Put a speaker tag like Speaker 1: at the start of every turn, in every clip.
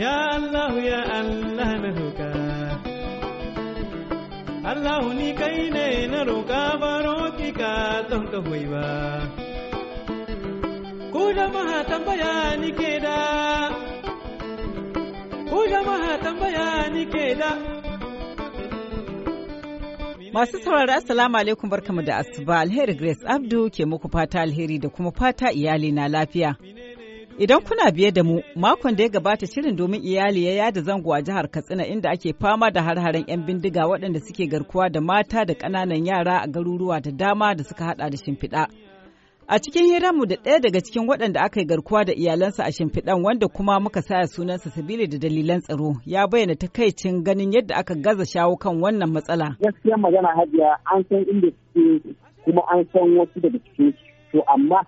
Speaker 1: Ya Allah ya Allah na
Speaker 2: ni kai ne na roƙa baro ka ba
Speaker 1: Masu saurari Assalamu alaikum barkamu da asuba alheri Grace Abdu ke muku fata alheri da kuma fata iyali na lafiya. Idan kuna biye da mu, makon da ya gabata shirin domin iyali ya yada zango a jihar Katsina inda ake fama da har 'yan bindiga waɗanda suke garkuwa da mata da ƙananan yara a garuruwa da dama da suka hada da shimfiɗa. A cikin hiranmu da ɗaya daga cikin waɗanda aka yi garkuwa da iyalansa a shimfiɗan wanda kuma muka saya sunansa sabili da dalilan tsaro ya bayyana takaicin ganin yadda aka gaza shawo kan wannan matsala.
Speaker 3: Gaskiyar magana hajiya an san inda suke kuma an san wasu daga cikin to amma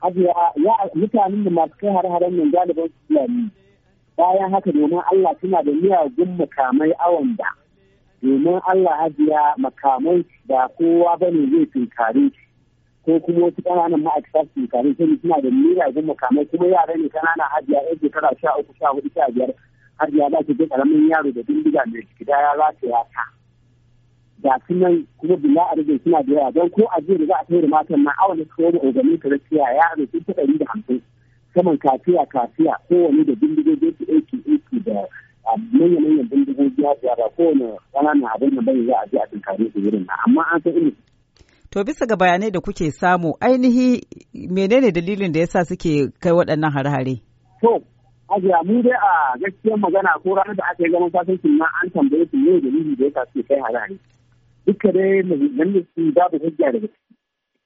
Speaker 3: ajiya ya mutanen da masu kai har-haren nan galiban su fulani bayan haka domin Allah suna da miyagun makamai awon da domin Allah ajiya makamai da kowa ba ne zai tunkare shi ko kuma wasu ƙananan ma'aikata su tunkare shi suna da miyagun makamai kuma yara ne ƙanana ajiya yan shekara sha uku sha hudu sha biyar har ya ki ga ƙaramin yaro da bindiga mai gida ya za ta da su nan kuma bila a rage suna da yawa don ko a jiya da za a kai da matan na awon da suka wani ogani ta gaskiya ya a rage ta ɗari da hamsin saman kafiya kafiya kowane da bindigogi su aiki aiki da ah, manya-manyan bindigogi ya ba kowane ƙananan abin da bai za a je a tunkare su irin na amma an san irin
Speaker 1: To bisa ga bayanai da kuke samu ainihi menene dalilin da yasa suke kai waɗannan hare-hare?
Speaker 3: To, ajiya mu dai a gaskiyar magana ko ranar da aka yi zaman sasancin na an tambaye su ne dalili da ya sa suke kai hare-hare. duka dai maganganun su babu hujja daga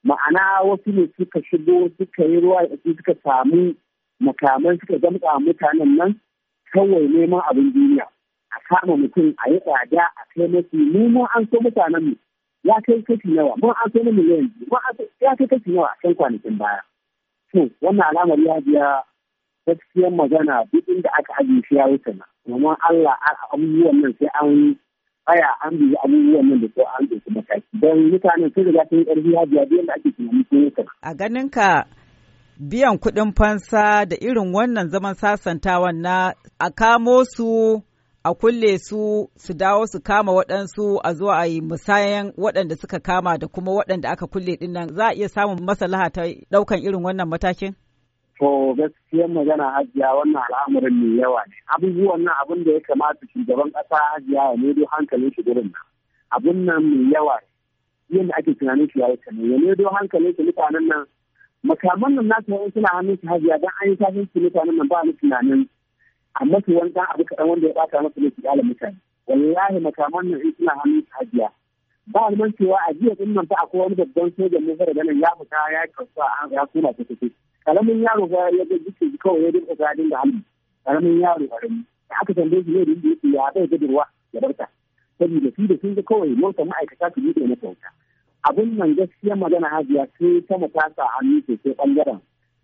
Speaker 3: ma'ana wasu ne suka shigo suka yi ruwa da suka samu makaman suka zamka mutanen nan kawai neman abin duniya a kama mutum a yi tsada a kai masu mu mun an so mutanen mu ya kai kashi nawa mun an so na miliyan ya kai kashi nawa a kan kwanakin baya to wannan alamar ya biya gaskiyar magana duk inda aka ajiye shi ya wuce na domin Allah a abubuwan nan sai an Aya, an bi abubuwan nan da ko an ɗauki mataki don mutanen sun riga sun yi ƙarfi hajiya da ake tunani sun yi A ganin
Speaker 1: ka biyan kuɗin fansa da irin wannan zaman sasantawan na a kamo su a kulle su su dawo su kama waɗansu a zuwa a yi musayan waɗanda suka kama da kuma waɗanda aka kulle ɗin za a iya samun masalaha ta ɗaukan irin wannan matakin?
Speaker 3: To gaskiyar magana hajiya wannan al'amarin mai yawa ne. Abubuwan nan abin da ya kamata shugaban ƙasa hajiya ya nedo hankalin shi gurin nan. Abin nan mai yawa ne. Yadda ake tunanin shi ya yi kane. Ya nedo hankalin shi mutanen nan. Makaman nan nasu yawan suna hannun shi hajiya don an yi tafin shi mutanen nan ba ni tunanin. Amma su wani abu kaɗan wanda ya ɓata masa ne su ƙyale mutane. Wallahi makaman nan in suna hannun shi hajiya. Ba ni cewa a jiya ɗin nan fa akwai wani babban sojan mu fara ganin ya fita ya yi kasuwa ya suna ta tafi. karamin yaro ga ya ga jikin kawai ya dinga ga dinga hannu karamin yaro karami da aka tambaye shi ne da yake ya zai ga ya barka saboda shi da sun ga kawai mota ma'aikata su yi na kyauta abin nan gaskiya magana hajiya sai ta matasa hannu sosai bangaren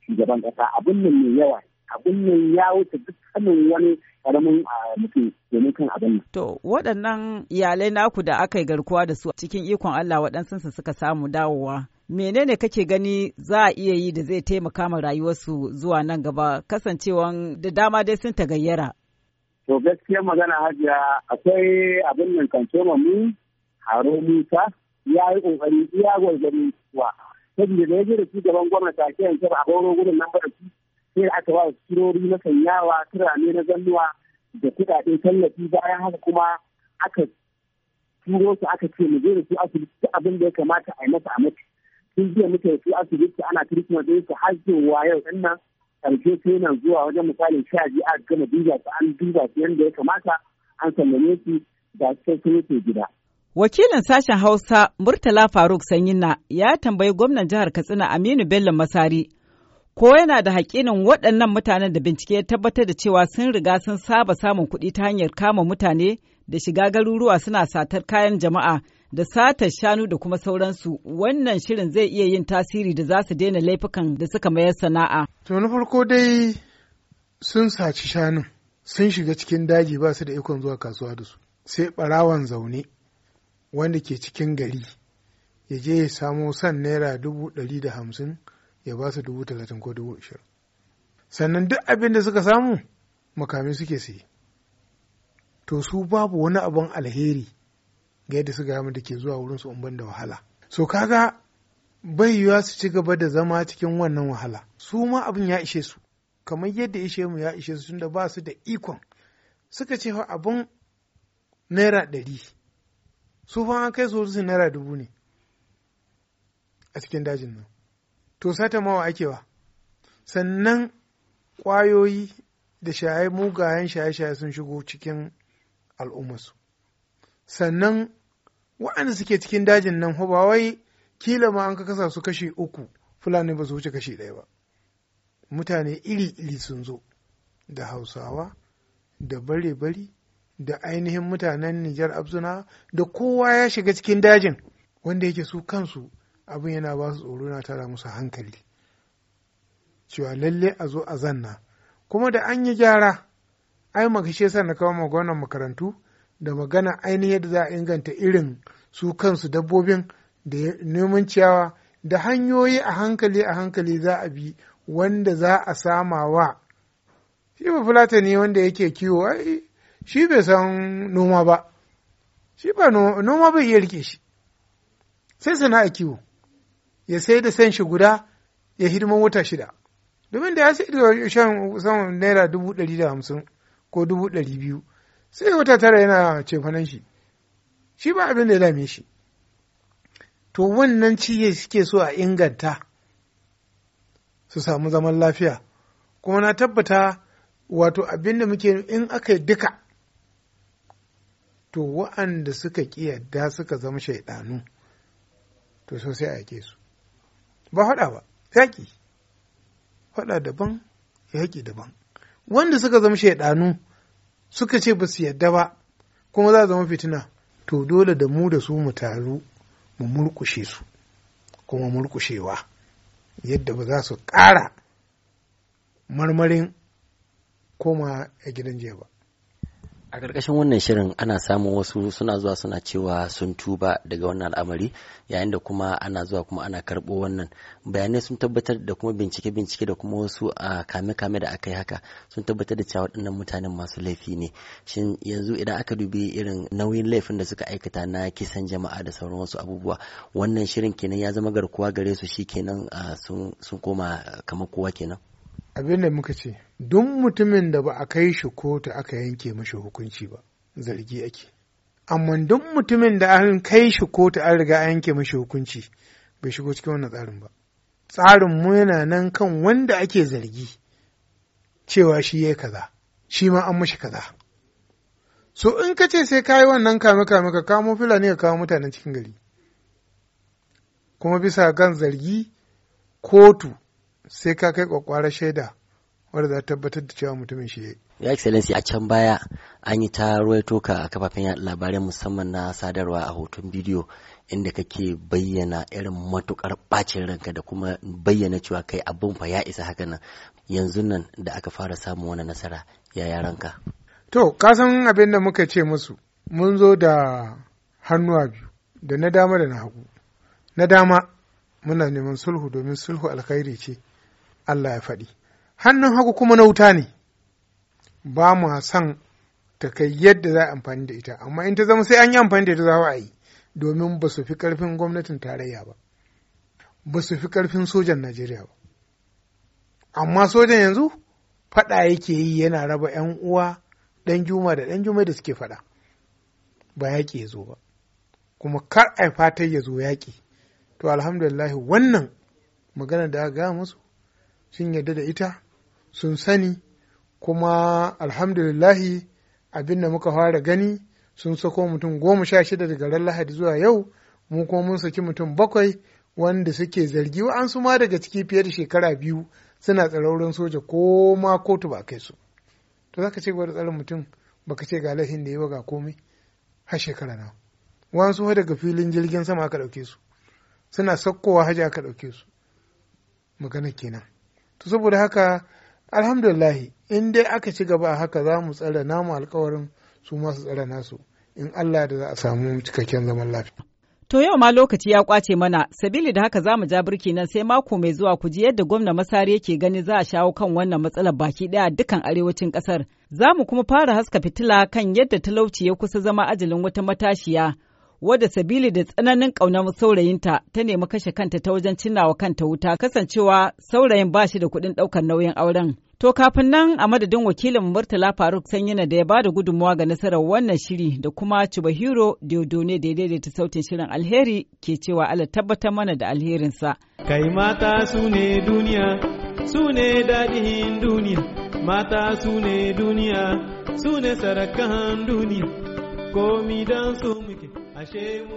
Speaker 3: shugaban kasa abin nan mai yawa abin nan ya wuce duk sanin wani karamin mutum domin kan abin nan. To waɗannan
Speaker 1: iyalai naku da aka yi garkuwa da su cikin ikon Allah waɗansu suka samu dawowa. menene kake gani za a iya yi da zai taimaka ma rayuwarsu zuwa nan gaba kasancewa da dama dai sun ta gayyara.
Speaker 3: To gaskiya magana hajiya akwai abin nan soma mu haro musa ya yi kokari iya gwargwarin wa saboda da ya je da gaban gwamnati a kiyan a horo gudun nan bada su sai aka ba su turori na sanyawa turane na zannuwa da kuɗaɗen tallafi bayan haka kuma aka turo su aka ce mu je da su asibiti abin da ya kamata a yi masa a mace sun jiya muka su asibiti ana treatment ɗin su har zuwa yau ɗin nan karshe sai yana zuwa wajen misalin sha biyu a gama duba su an duba su yadda ya kamata an sallame su da sai sun gida.
Speaker 1: Wakilin sashen Hausa Murtala Faruk Sanyina ya tambayi gwamnan jihar Katsina Aminu Bello Masari ko yana da haƙƙinin waɗannan mutanen da bincike ya tabbatar da cewa sun riga sun saba samun kuɗi ta hanyar kama mutane da shiga garuruwa suna satar kayan jama'a da satar shanu da kuma sauransu wannan shirin zai iya yin tasiri da za su daina laifukan da suka mayar sana'a.
Speaker 2: To na farko dai sun saci shanu, sun shiga cikin daji ba su da ikon zuwa kasuwa da su sai barawan zaune wanda ke cikin gari ya je ya samo san naira dubu ɗari da hamsin ya ba su dubu talatin ko dubu ashirin sannan duk abin da suka samu makami suke siye to su babu wani abin alheri ga yadda su gaya da ke zuwa wurin su umban da wahala so kaga bai yiwuwa su ci gaba da zama cikin wannan wahala su ma abin ya ishe su kamar yadda ishe mu ya ishe su tunda ba su da ikon suka ce fa abin naira ɗari su fa an kai su su naira dubu ne a cikin dajin nan to sata mawa akewa sannan kwayoyi da shaye mugayen shaye-shaye sun shigo cikin al'ummarsu sannan waɗanda suke cikin dajin nan ba wai kila ma an ka kasa su kashe uku fulani ba su wuce kashe ɗaya ba mutane iri-iri sun zo da hausawa da bare-bari da ainihin mutanen nijar abzuna da kowa ya shiga cikin dajin wanda yake su kansu abin yana ba su tsoro na tara musu hankali cewa lalle a zo a zanna kuma da an yi gyara ai makashe sa na kawo maganar makarantu da magana ainihin da za a inganta irin su kansu dabbobin da neman ciyawa da hanyoyi a hankali a hankali za a bi wanda za a sama wa shi ba Fulata ne wanda yake kiwo ai shi bai san noma ba shi ba noma bai iya rike shi sai sana'a kiwo ya sai da san shi guda ya hidima wata shida domin da ya sai da shan naira dubu ɗari da hamsin ko dubu ɗari biyu sai wata tara yana cefanen shi shi ba abin da ya dame shi to wannan ciye suke so a inganta su samu zaman lafiya kuma na tabbata wato abin da muke in aka yi duka to wa'anda suka ƙi yadda suka zama shaidanu to so sai a yake su ba faɗa ba yaƙi faɗa daban yaƙi daban wanda suka zama shaidanu suka ce ba su yadda ba kuma za zama fitina to dole da mu da su mu taru mu murkushe su kuma murkushewa yadda ba za su ƙara marmarin koma a gidan jiya ba
Speaker 1: a ƙarƙashin wannan shirin ana samun wasu suna zuwa suna cewa sun tuba daga wannan al'amari yayin da kuma ana zuwa kuma ana karɓo wannan bayanai sun tabbatar da kuma bincike-bincike da kuma wasu a kame-kame da aka yi haka sun tabbatar da cewa waɗannan mutanen masu laifi ne shin yanzu idan aka dubi irin nauyin laifin da suka aikata na kisan jama'a da sauran wasu abubuwa wannan shirin kenan ya zama garkuwa gare su shi kenan sun koma kamar kowa kenan
Speaker 2: abin da muka ce duk mutumin da ba a kai shi kotu aka yanke mashi hukunci ba zargi ake amma duk mutumin da an kai shi kotu an riga an yanke mashi hukunci bai shigo cikin wannan tsarin ba tsarin mu yana nan kan wanda ake zargi cewa shi ya kaza shi ma an mashi kaza so in ka ce sai yi wannan kame kame ka kamo fulani ka kawo mutanen cikin gari kuma bisa kan zargi kotu sai ka kai kwakwara shaida wadda za tabbatar da cewa mutumin shi yayi
Speaker 1: ya excellency a can baya an yi ta ruwaito ka a kafafen yaɗa labarai musamman na sadarwa a hoton bidiyo inda kake bayyana irin matukar bacin ranka da kuma bayyana cewa kai abin fa ya isa haka nan yanzu nan da aka fara samun wani nasara ya yaranka
Speaker 2: to ka san abin da muka ce musu mun zo da hannuwa biyu da na dama da na hagu na dama muna neman sulhu domin sulhu alkhairi ce Allah ya faɗi hannun hagu kuma na wuta ne ba mu san ta kai yadda za a amfani da ita amma in ta zama sai an yi amfani da ita za a yi domin ba su fi ƙarfin gwamnatin tarayya ba ba su fi ƙarfin sojan najeriya ba amma sojan yanzu faɗa yake yi yana raba 'yan uwa ɗan juma da ɗan juma da suke faɗa ba yaƙi ya zo ba kuma kar a fatar ya zo yaƙi to alhamdulillah wannan magana da aka gaya musu sun yarda da ita sun sani kuma alhamdulillahi abin da muka fara gani sun sako mutum goma sha shida daga ran lahadi zuwa yau mu kuma mun saki mutum bakwai wanda suke zargi su ma daga ciki fiye da shekara biyu suna tsarauran soja ko ma kotu ba kai su to zaka ce gwada tsarin mutum baka ce ga laifin da ya ga komai har shekara na su daga filin jirgin sama aka ɗauke su suna sakkowa haja aka ɗauke su magana kenan to saboda haka alhamdulillahi in dai aka ci gaba a haka za mu tsara namu alkawarin su masu tsara nasu in Allah da za a samu cikakken zaman lafiya.
Speaker 1: To yau ma lokaci ya kwace mana, sabili da haka za mu ja birki nan sai mako mai zuwa ku ji yadda gwamna Masari yake gani za a shawo kan wannan matsalar baki daya dukan arewacin kasar. Za mu kuma fara haska fitila kan yadda talauci ya kusa zama ajalin wata matashiya wadda sabili da tsananin ƙaunar saurayinta ta nemi kashe kanta ta wajen cinnawa kanta wuta kasancewa saurayin ba shi da kuɗin ɗaukar nauyin auren. To kafin nan a madadin wakilin Murtala Faruk Sanyina da ya ba da gudunmawa ga nasarar wannan shiri da kuma Chubahiro Diodone da ya daidaita sautin shirin alheri ke cewa Allah tabbatar mana da alherinsa. Kai mata su ne duniya,
Speaker 2: su ne daɗin duniya, mata su ne duniya, su ne sarakan duniya, komi don su muke. see.